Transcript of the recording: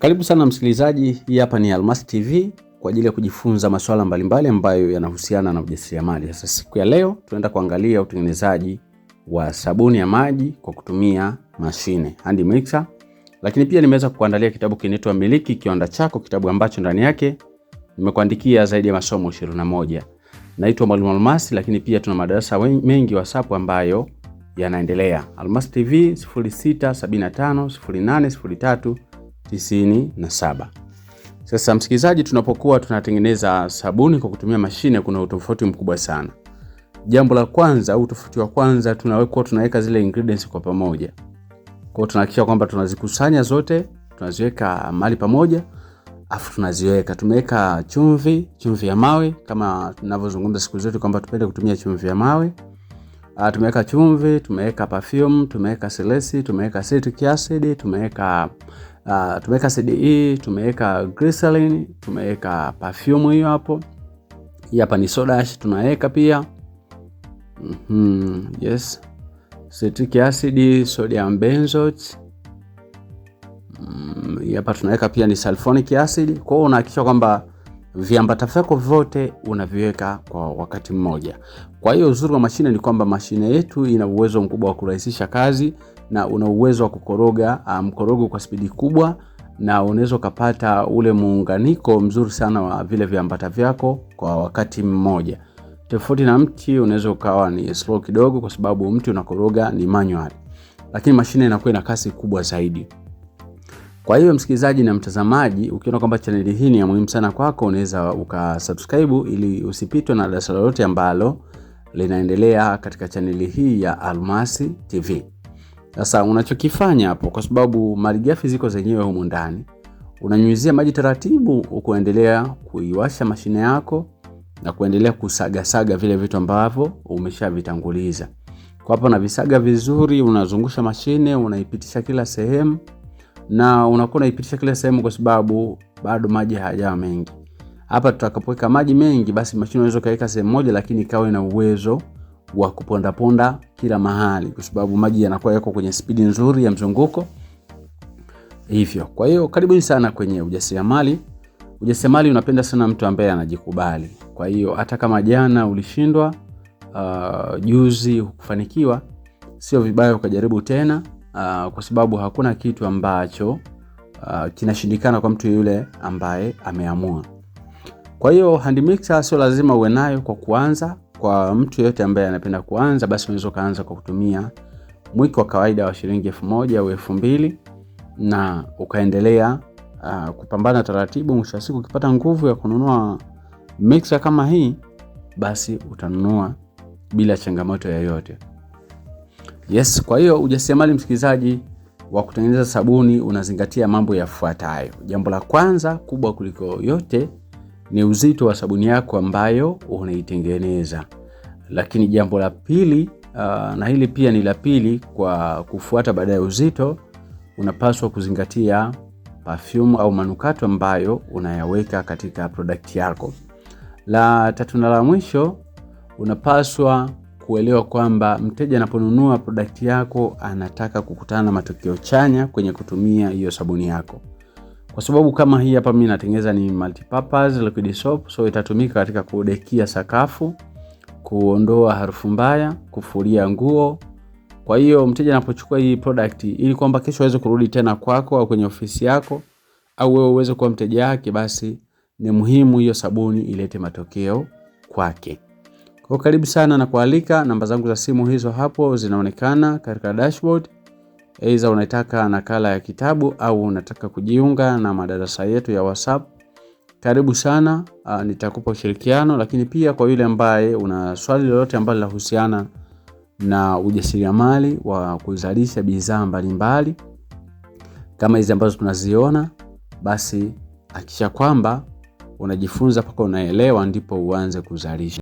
Karibu sana msikilizaji, hii hapa ni Almasi TV kwa ajili ya kujifunza masuala mbalimbali ambayo yanahusiana na ujasiriamali. Sasa siku ya leo tunaenda kuangalia utengenezaji wa sabuni ya maji kwa kutumia mashine hand mixer, lakini pia nimeweza kukuandalia kitabu kinaitwa Miliki Kiwanda Chako, kitabu ambacho ndani yake nimekuandikia zaidi ya masomo 21. Naitwa Mwalimu Almasi, lakini pia tuna madarasa mengi WhatsApp ambayo yanaendelea. Almasi TV 0675 0803 tisini na saba. Sasa msikilizaji, tunapokuwa tunatengeneza sabuni kwa kutumia mashine, kuna utofauti mkubwa sana. Jambo la kwanza au utofauti wa kwanza, tunawekwa tunaweka zile ingredients kwa pamoja. Kwa hiyo tunahakikisha kwamba tunazikusanya zote, tunaziweka mahali pamoja, afu tunaziweka. Tumeweka chumvi, chumvi ya mawe, kama tunavyozungumza siku zote kwamba tupende kutumia chumvi ya mawe Uh, tumeweka chumvi, tumeweka perfume, tumeweka selesi, tumeweka citric acid, tumeweka uh, tumeweka CDE, tumeweka glycerin, tumeweka perfume hiyo hapo. Hii hapa ni soda ash tunaweka pia. Mm -hmm, yes. Citric acid, sodium benzoate. Mm, hapa tunaweka pia ni sulfonic acid. Kwa hiyo unahakikisha kwamba viambata vyako vyote unaviweka kwa wakati mmoja. Kwa hiyo uzuri wa mashine ni kwamba mashine yetu ina uwezo mkubwa wa kurahisisha kazi na una uwezo wa kukoroga ah, mkorogo um, kwa spidi kubwa na unaweza ukapata ule muunganiko mzuri sana wa vile viambata vyako kwa wakati mmoja. Tofauti na mti unaweza ukawa ni slow kidogo, kwa sababu mti unakoroga ni manual, lakini mashine inakuwa ina kasi kubwa zaidi. Kwa hiyo msikilizaji na mtazamaji, ukiona kwamba chaneli hii ni ya muhimu sana kwako, unaweza ukasubscribe ili usipitwe na darasa lolote ambalo linaendelea katika chaneli hii ya Almasi TV. Sasa unachokifanya hapo, kwa sababu malighafi ziko zenyewe humu ndani, unanyunyizia maji taratibu, ukuendelea kuiwasha mashine yako na kuendelea kusagasaga vile vitu ambavyo umeshavitanguliza kwa hapo, na visaga vizuri, unazungusha mashine, unaipitisha kila sehemu na unakuwa unaipitisha kila sehemu, kwa sababu bado maji hayajawa mengi. Hapa tutakapoweka maji mengi, basi mashine unaweza kaweka sehemu moja, lakini ikawe na uwezo wa kupondaponda kila mahali, kwa sababu maji yanakuwa yako kwenye spidi nzuri ya mzunguko hivyo. Kwa hiyo karibuni sana kwenye ujasiriamali. Ujasiriamali unapenda sana mtu ambaye anajikubali. Kwa hiyo hata kama jana ulishindwa, uh, juzi hukufanikiwa, sio vibaya ukajaribu tena uh, kwa sababu hakuna kitu ambacho uh, kinashindikana kwa mtu yule ambaye ameamua. Kwa hiyo hand mixer sio lazima uwe nayo kwa kuanza. Kwa mtu yeyote ambaye anapenda kuanza, basi unaweza ukaanza kwa kutumia mwiko wa kawaida wa shilingi elfu moja au elfu mbili na ukaendelea uh, kupambana taratibu. Mwisho wa siku ukipata nguvu ya kununua mixer kama hii, basi utanunua bila changamoto yoyote. Yes, kwa hiyo ujasiriamali msikilizaji wa kutengeneza sabuni unazingatia mambo yafuatayo. Jambo la kwanza kubwa kuliko yote ni uzito wa sabuni yako ambayo unaitengeneza. Lakini jambo la pili uh, na hili pia ni la pili kwa kufuata baada ya uzito, unapaswa kuzingatia perfume au manukato ambayo unayaweka katika product yako. La tatu na la mwisho unapaswa kuelewa kwamba mteja anaponunua product yako anataka kukutana na matokeo chanya kwenye kutumia hiyo sabuni yako, kwa sababu kama hii hapa mimi natengeneza ni multipurpose liquid soap, so itatumika katika kudekia sakafu, kuondoa harufu mbaya, kufulia nguo. Kwa hiyo mteja anapochukua hii product ili kwamba kesho aweze kurudi tena kwako au kwenye ofisi yako au wewe uweze kuwa mteja wake, basi ni muhimu hiyo sabuni ilete matokeo kwake. Kwa karibu sana na kualika, namba zangu za simu hizo hapo zinaonekana katika dashboard. Aidha unataka nakala ya kitabu au unataka kujiunga na madarasa yetu ya WhatsApp. Karibu sana, nitakupa ushirikiano, lakini pia kwa yule ambaye una swali lolote ambalo linahusiana na ujasiriamali wa kuzalisha bidhaa mbalimbali kama hizi ambazo tunaziona, basi hakikisha kwamba unajifunza mpaka unaelewa, ndipo uanze kuzalisha.